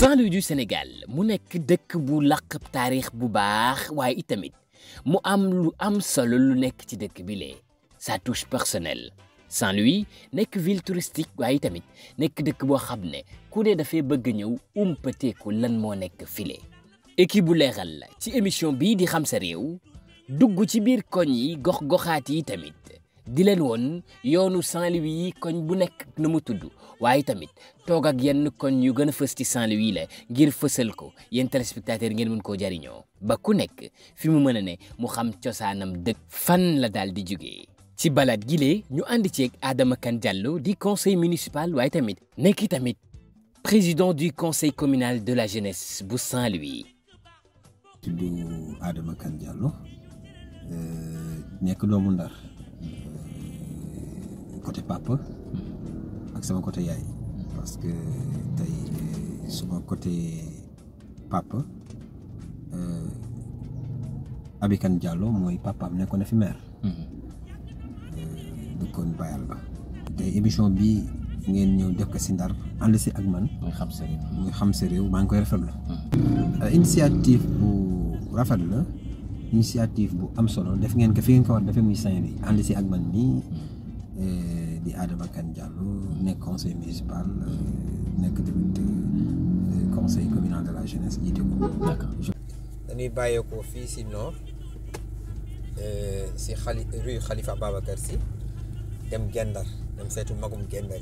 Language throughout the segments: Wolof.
Saint-Louis du Sénégal mu nekk dëkk bu làq taarix bu baax waaye itamit mu am lu am solo lu nekk ci dëkk bi lee sa touche personnelle Saint-Louis nekk ville touristique waaye itamit nekk dëkk boo xam ne ku ne dafay bëgg ñëw umpateeku lan moo nekk file équipe bu leeral la ci émission bii di xam sa réew dugg ci biir koñ yi gox goxaat yi tamit di leen woon yoonu Saint-Louis yi koñ bu nekk na mu tudd waaye tamit toog ak yenn koñ yu gën a fës ci Saint-Louis la ngir fësal ko yéen téléspectateur ngeen mën koo jariñoo ba ku nekk fi mu mën a ne mu xam cosaanam dëkk fan la daal di jógee ci balaat gile ñu ànd ceeg Adama kan Diallo di conseil municipal waaye tamit nekki tamit président du conseil communal de la jeunesse bu Saint-Louis. tudd Adama Kane Diallo euh, nekk doomu Ndar. côté papa ak sama côté yaay parce que tey suma côté papa euh, Abikan Diallo mooy papaam nekkoon na fi maire euh, dëkkoon bayal ba tey émission bi ngeen ñëw def si ndar ànd si ak man muy xam sa réew maa ngi koy rafetlu hmm. euh, initiative bu rafet la initiative bu am solo def ngeen ko fi ngeen ko war defee muy Saint-Louis ànd si ak man nii hmm. Eh, di Adama Kane Diallo nekk conseil municipal eh, nekk tamit eh, conseil communal de la jeunesse jiite ko. dañuy bàyyeekoo fii si nord si xali rue Khalifa Babacar si dem Gendar dem seetu magum Gendar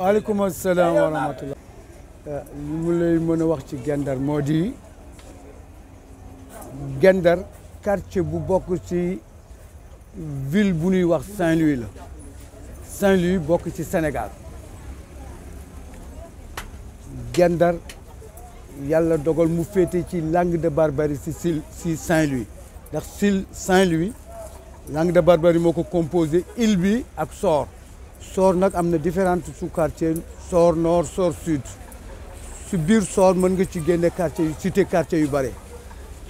waaleykum asalaam wa rahmatullah li mu lay mën a wax ci guet moo di Guet-Ndar quartier bu bokk ci ville bu nuy wax Saint-Louis la Saint-Louis bokk ci Sénégal guet yàlla dogal mu féete ci langue de barbarie si si si Saint-Louis ndax si Saint-Louis langue de barbarie moo ko composé île bi ak soor Soor nag am na différentes sous-quartiers Soor nord Soor sud si biir Soor mën nga ci génne quartier yu cité quartier yu bare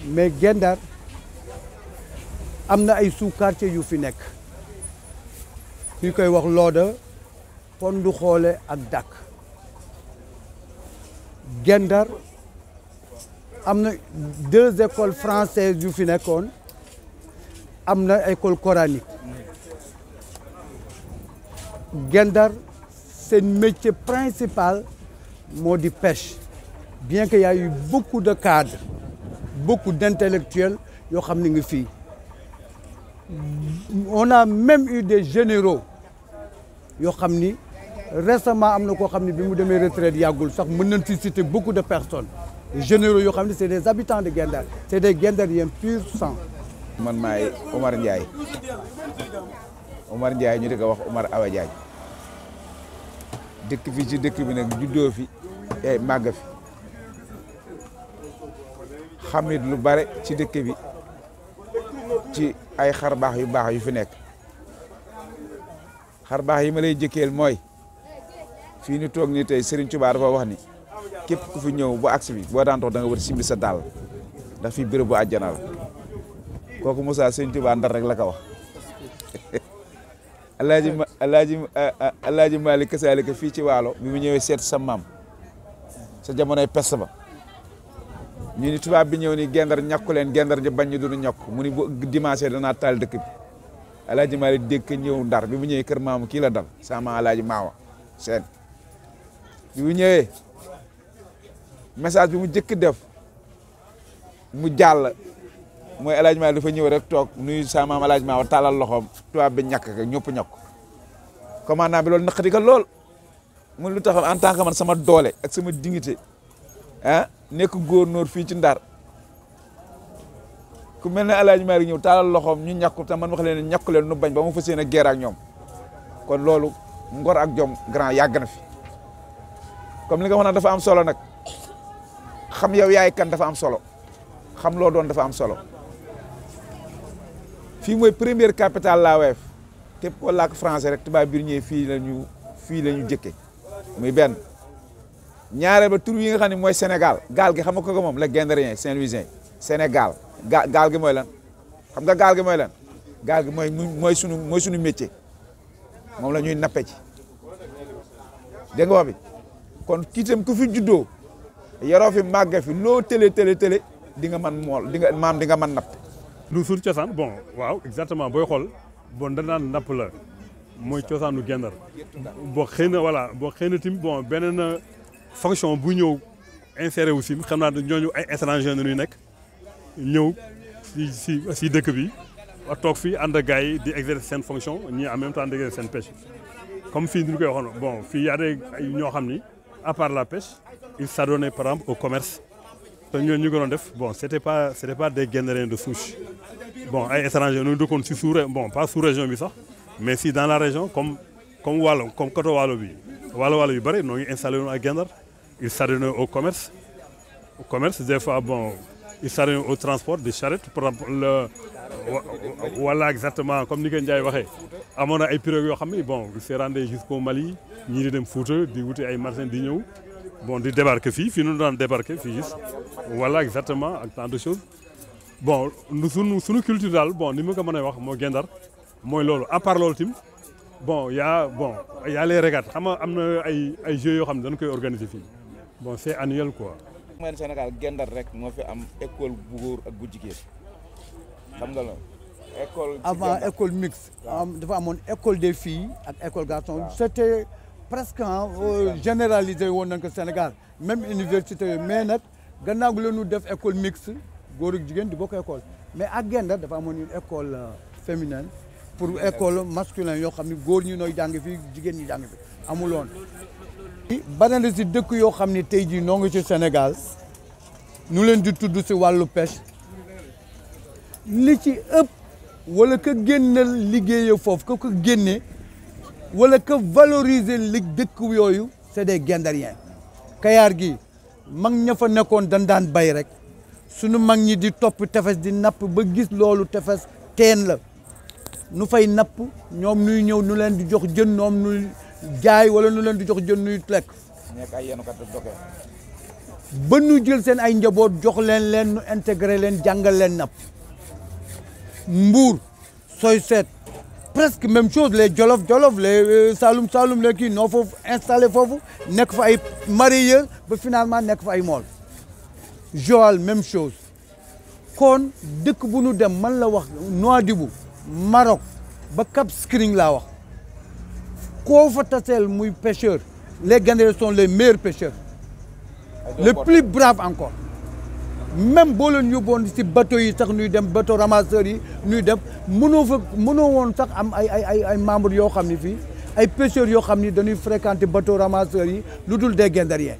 mais Guet-Ndar am na ay sous-quartiers yu fi nekk ñu koy wax Looda Pondu Xoole ak Dak Guet-Ndar am na deux écoles françaises yu fi nekkoon am na école coranique Guet-Ndar seen métier principal moo di pêche bien que yaay a beaucoup de cadres beaucoup d'intellectuels yoo xam ne ngi fii on a même eu des généraux yoo xam ni récemment am na koo xam ne bi mu demee retraite yàggul sax mën nañ ci citer beaucoup de personnes généraux yoo xam ne c'est des habitants de Guet-Ndar des Guet-Ndariens pur sang man maay Omar Ndiaye Omar Ndiaye ñu di ko wax Omar Awa Diagne dëkk fii ci dëkk bi nag juddoo fi ay eh, màgg fi xamit lu bare ci dëkk bi ci ay xarbaax yu baax yu fi nekk xarbaax yi ma lay jëkkeel mooy fii ñu toog nii tey Serigne Touba dafa wax ni képp ku fi ñëw bu aks bi boo daan danga da nga simbi sa dàll ndax fii béréb bu àjjana kooku musaa Serigne Touba ndar rek la ko wax alaaji alaaji alaaji Malick kasaalika fii ci waalo bi mu ñëwee seet sa maam sa jamonoy peste ba ñu tubaab bi ñëw ni gendar ñàkku leen gendar ñi bañ ñu duñu ñàkk mu ni bu dimanche danaa taal dëkk bi alaaji Malick dégg ñëw ndar bi mu ñëwee kër maamu kii la dal sama alaaji maawa seen bi mu ñëwee message bi mu jëkk def mu jàll mooy alaaji Malick dafa ñëw rek toog nuyu sama maam alaaji maawa tàllal loxoom tubaab bi ñàkk ka ñëpp ñàkk commandant bi loolu di ka lool mun lu taxam en tant que man sama doole ak sama dignité ah nekk góornóor fii ci ndar ku mel ne alaaji Maalik ñëw taalal loxoom ñu ñàkku te man wax leen ne ñàkku leen nu bañ ba mu fas yéene guerre ak ñoom kon loolu ngor ak jom grand yàgg na fi comme li nga wax nag dafa am solo nag xam yow yaay kan dafa am solo xam loo doon dafa am solo fii mooy première capital la AOF képp koo làkk rek tubaab biir ñëwee fii la ñu fii la ñu jëkke muy benn ñaareel ba tur yi nga xam ne mooy Sénégal gaal gi xam nga ko moom la Guindérien Saint-Louisien Sénégal gaal gi mooy lan xam nga gaal gi mooy lan gaal gi mooy mooy sunu mooy sunu métier moom la ñuy nappe ci dégg nga wax bi kon kii itam ku fi juddoo yaroo fi màgge fi loo télé télé télé di nga mën mool maam di nga mën napp lu suñu cosaan bon waaw exactement booy xool bon danaan napp la mooy cosaanu gendar boo xëy na voilà boo xëy na tim bon beneen euh, fonction bu ñëw inséré wu si xam naa ñooñu ay étranger na ñuy nekk ñëw si si si dëkk bi toog fii ànd ak gars yi di exercer seen fonction ñii en même temps di exercer seen pêche comme fii ni ñu koy waxoon bon fii y a des ñoo xam ni à part la pêche ils s'adonnaient par exemple au commerce te ñooñu ñu ko doon def bon c'était pas c'était pas des Guendaréens de souche bon ay étrangers ñu dëkkoon si sous bon pas sous région bi sax mais si dans la région comme comme wàllo comme côté wàllo bi wàllo wàllo yu bëri noo installé woon ak Guet-Ndar ils au commerce commerce des fois bon ils s'adonnaient au transport des charrettes par exemple le wala exactement comme ni ko Ndiaye waxee amoon ay pirogues yo xam ne bon ils se rendaient jusqu'au Mali ñii di dem Fouta di wuti ay marchandises di ñëw bon di débarquer fii fii nu daan débarquer fi juste wala exactement ak tant de bon sunu suñu culture daal bon ni ma ko mën a wax moo gendar mooy loolu à part loolu tim bon y' a bon y' a les xam nga am na ay ay jeux yoo xam ne dañ koy organiser fii bon c' est annuel quoi. mooy Sénégal gendar rek moo fi am école bu góor ak bu jigéen xam nga loolu. école avant école mixte. dafa amoon école des filles ak école garçon c' était presque euh, généralisé woon nañ ko Sénégal même université mais nag gannaaw la ñu def école mixte. góor jigéen di bokk école mais ak Guenda dafa amoon une école euh, féminine pour école masculine yoo xam ne góor ñi nooy jàng fi jigéen ñi jàng fi amuloon bari na si dëkk yoo xam ne tey jii noo ngi ci Sénégal nu leen di tudd si wàllu pêche li ci ëpp wala ka génnal liggéeye foofu ka ko génne wala ka valoriser li yooyu c'est des Guendariens kayaar gi mag ña nekkoon dañ daan bay rek sunu mag ñi di topp tefes di napp ba gis loolu tefes teen la nu fay napp ñoom nuy ñëw nu leen di jox jën noom nuy jaay walla nu leen di jox jën nuy lekk nekk ay yenukat ba nu jël seen ay njaboot jox leen leen nu intégré leen jàngal leen napp mbuur sooy seet presque même chose le jolof jolof les euh, saalum saalum les noo foofu installé foofu nekk fa ay mareyeur ba finalement nekk fa ay mool Joal même chose kon dëkk bu nu dem man la wax di Nouadhibou Maroc ba Cap Skirring laa wax koo fa taseel muy pêcheur les Guinéens sont les meilleurs pêcheurs les plus braves encore même boo leen yóbboon si bateau yi sax nuy dem bateau ramasseur yi ñuy dem mënoo fa mënoo woon sax am ay ay ay ay membres yoo xam ne fii ay pêcheurs yoo xam ni dañuy fréquenter bateau ramasseur yi lu dul des Guindériens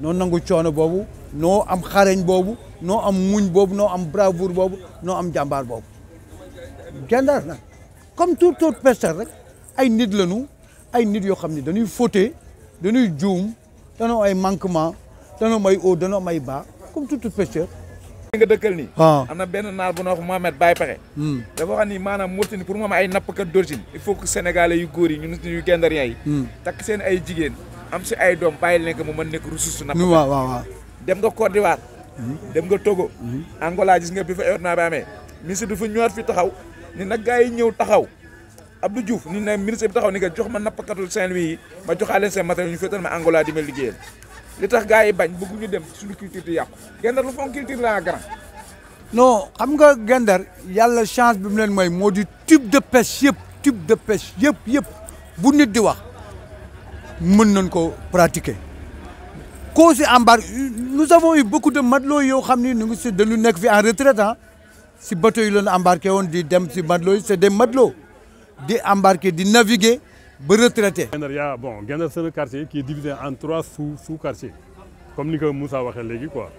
noo nangu coono boobu noo am xarañ boobu noo am muñ boobu noo am bravoure boobu noo am jàmbaar boobu jàmbaar nag comme tout tout pêcheur rek ay nit lañu ay nit yoo xam ne dañuy fauté dañuy juum dañoo ay manquement dañoo may haut dañoo may baa comme tout tout pêcheur nga dëkkal nii ah. am na benn naar bu na wax Mohamed Baye Pexe hmm. dafa wax ni maanaam Mauritanie pour moom ay nappkat d'origine il faut que yu góor yi ñu nit ñu gendariens hmm. takk seen ay jigéen am si ay doom bàyyi leen ko mu mën nekk ressource napp waaw waaw dem nga Côte d'Ivoire hmm. dem nga Togo hmm. Angola gis nga bi fa événement bi amee ministre dafa ñëwaat fi taxaw ni nag gars yi ñëw taxaw Abdou Diouf ni ne ministre bi taxaw ni que jox ma nappkatu Saint-Louis yi ma joxaale seen matériel ñu féetal ma Angola di ma liggéeyal li tax gars yi bañ ñu dem suñu culture di yàqu gendar lu fon culture la grand non xam nga gendar yàlla chance bi mu leen mooy moo di type de pêche yëpp type de pêche yëpp yëpp bu nit di wax mën nañ ko pratiquer causes yi embarqué nous avons yi beaucoup de matelots yoo xam ni ñu ngi si dañu nekk fi en retraite ah si bateau yi lañu embarqué woon di dem si matelots yi c'est des matelots di embarqué di naviguer ba retraité. Guet Ndar bon Guet Ndar c'est un quartier qui est en trois sous sous quartiers comme ni ko Moussa waxee léegi quoi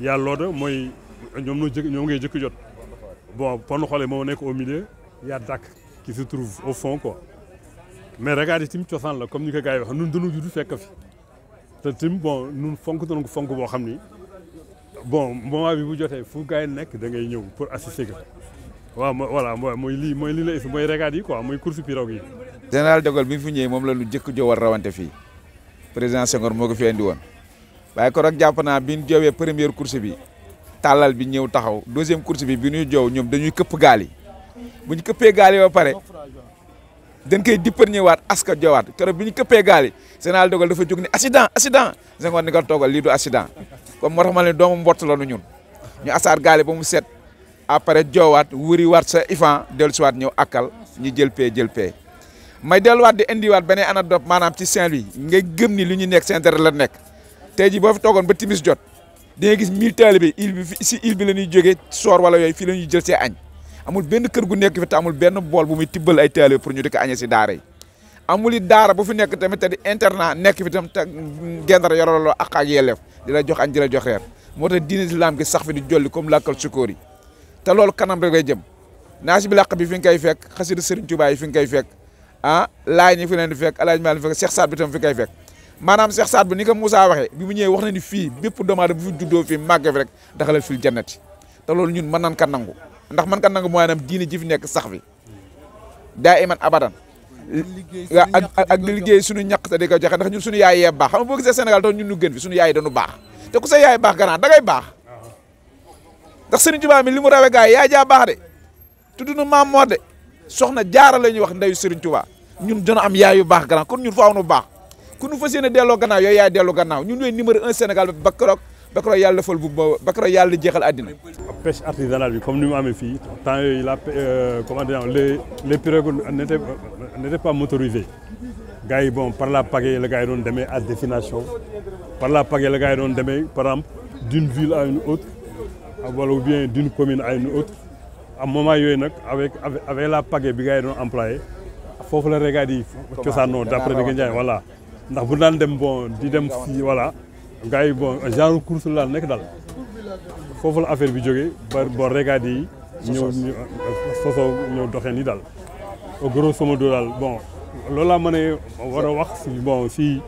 y a Lodo mooy ñoom ñoo jëkk ñoom ngay jëkk jot bon Pon Xolé moo nekk au milieu y a Dak se trouve au fond quoi. mais ragaat yi tim cosaan la comme ni ko gars yi wax nun dañu fekk fi te tim bon nun fonk doon fonk boo xam ni bon moment bi bu jotee fu gars yi nekk dangay ñëw pour assister ko waaw mooy mooy lii mooy lii la is mooy ragaat yi mooy course pirogue yi. général de bi fu fi ñëwee moom la lu jëkk jo war rawante fii président Senghor moo ko fi andi woon waaye kon rek jàpp naa bi ñu première course bi tàllal bi ñëw taxaw deuxième course bi bi ñuy joow ñoom dañuy këpp gaal yi bu ñu ba pare dañ koy dipparñe waat aska jowaat keroog bi ñu këppee gaal yi général de Gaulle dafa jóg ne accident accident Senghor ni ko toogal lii du accident comme moo tax ma ne doomu mbott la nu ñun ñu asaar gaal yi mu set après joowaat wuri waat sa ifan dellusiwaat ñëw akkal ñu jël pee jël pee may delluwaat di indiwaat beneen anecdote maanaam ci Saint-Louis nga gëm ni lu ñu nekk seen dara la nekk tey jii boo fi toogoon ba timis jot di nga gis mille taalibe bi il bi si il bi la ñuy jógee soor wala yooyu fii la ñuy jël see añ amul benn kër gu nekk fi te benn bool bu muy tibbal ay taalibe pour ñu di ko añee si daara yi amul it daara bu fi nekk tamit te di internat nekk fi tam te gendar yoroloo ak ak yelleef di la jox añ di la jox reer moo tax diine islam gi sax fi di jolli comme làkkal sukóor yi te loolu kanam rek lay jëm naa si bi làq bi fi nga koy fekk xasida Sëriñ Tuubaa yi fi nga koy fekk ah laay ñi fi leen di fekk alaaj maa leen fekk Cheikh Saad bi tam fi nga koy fekk maanaam Cheikh Saad bi ni ñëwee wax na ni fii bépp doomu aadama bu fi juddoo fii màggee fi rek daxalal fil jannati te loolu ñun mën nan ka nangu ndax man kan kat nangu maanaam diine ji fi nekk sax fi daa iman abadan waaw ak ak di liggéey sunu ñaq te di ko joxe ndax ñun suñu yaay yee baax xam nga boo gisee Sénégal doon ñun ñu gën fi suñu yaay dañu baax te ku sa yaay baax gannaaw dangay baax ndax Sëriñ Tuubaa mi li mu rawe gaay yaay jaa baax de tudd na maam moo de soxna jaara la ñuy wax ndeyu Sëriñ Tuubaa ñun dana am yaay yu baax gannaaw kon ñun faaw nu baax ku ñu fas yéene delloo gannaaw yooyu yaay delloo gannaaw ñun ñooy numéro un Sénégal ba keroog ba keroog yàlla fal bu booba ba keroog yàlla jeexal àddina. pêche artisanale bi comme ni mu amee fii temps yooyu la euh, comment dire les les pirogues euh, pas motorisées gars yi bon par la pagaie la gars yi doon demee à destination par la page la gars yi doon demee par exemple d'une ville à une autre ah, wala ou bien d'une commune à une autre yooyu nag avec avec la page bi gars yi doon employé foofu la rek gars yi cosaanoo d'après di nga jaay voilà ndax bu dem bon di dem fii voilà. gars yi bon genre course la nekk daal foofu la affaire bi jógee ba bon regaat yi. ñëw sosoo ñëw doxee nii daal. grosso modo daal bon loolu laa mën a war a wax si bon si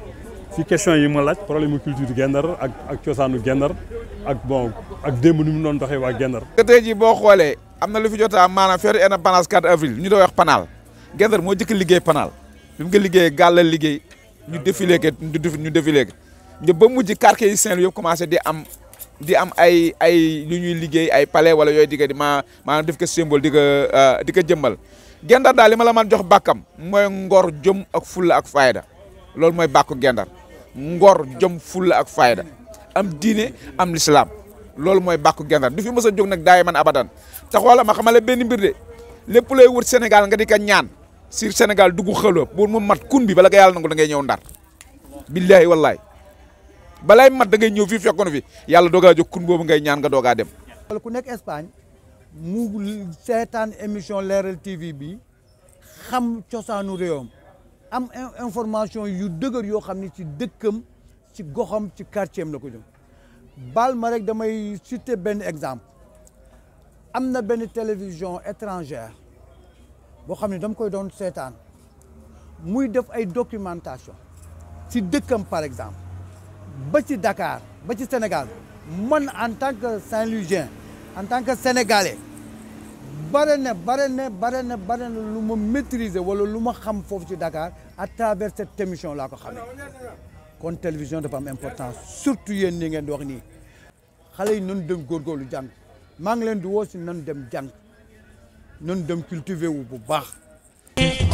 si question yi ma laaj problème mu culture guet ak ak cosaanu guet ak bon ak démb nu mu doon doxe waa Guet-Ndar. tey jii boo xoolee am na lu fi jot a am maanaam feetu indépendance 4 avril ñu doon wax panaal Guet-Ndar moo jëkk liggéey panaal bi mu nga liggéey gàllal liggéey ñu défilé ñu défilé ñu ba mujj quartier yi Saint-Louis yëpp commencé di am di am ay ay lu ñuy liggéey ay palais walla yooy di di ma maanaam def ko symbole di ko euh, di ko jëmbal gendar daal li ma la man jox bàkkam mooy ngor jëm ak fulla ak fayda loolu mooy bàkku gendar ngor jëm fulla ak fayda am diine am lislaam loolu mooy bàkku gendar du fi ma a jog nag daay man abadan te xoola ma xamale benn mbir de lépp lay wut Sénégal nga di ka ñaan sur senegal dugg xëloob bu mu mat kun bi bala nga yàlla nangu da ngay ñëw ndar billahi balaay mat da ngay ñëw fii fekkoon fi yàlla doogaa jóg kun boobu ngay ñaan nga doogaa dem. wala ku nekk Espagne mu seetaan émission Leral TV bi xam cosaanu réewam am information yu dëgër yoo xam ne ci dëkkam ci goxam ci quartier am la ko jëm bal ma rek damay citer benn exemple am na benn télévision étrangère boo xam ne dam koy doon seetaan muy def ay documentation si dëkkam par exemple ba ci Dakar ba ci Sénégal man en tant que Saint-Louisien en tant que sénégalais bare na bare na bare na bare lu ma maîtriser wala lu ma xam foofu ci Dakar à travers cette émission la ko xamee kon télévision de am importance surtout yéen ñi ngeen di wax nii xale yi nan dem góorgóorlu jàng maa ngi leen di woo si nan dem jàng nan dem cultiver wu bu baax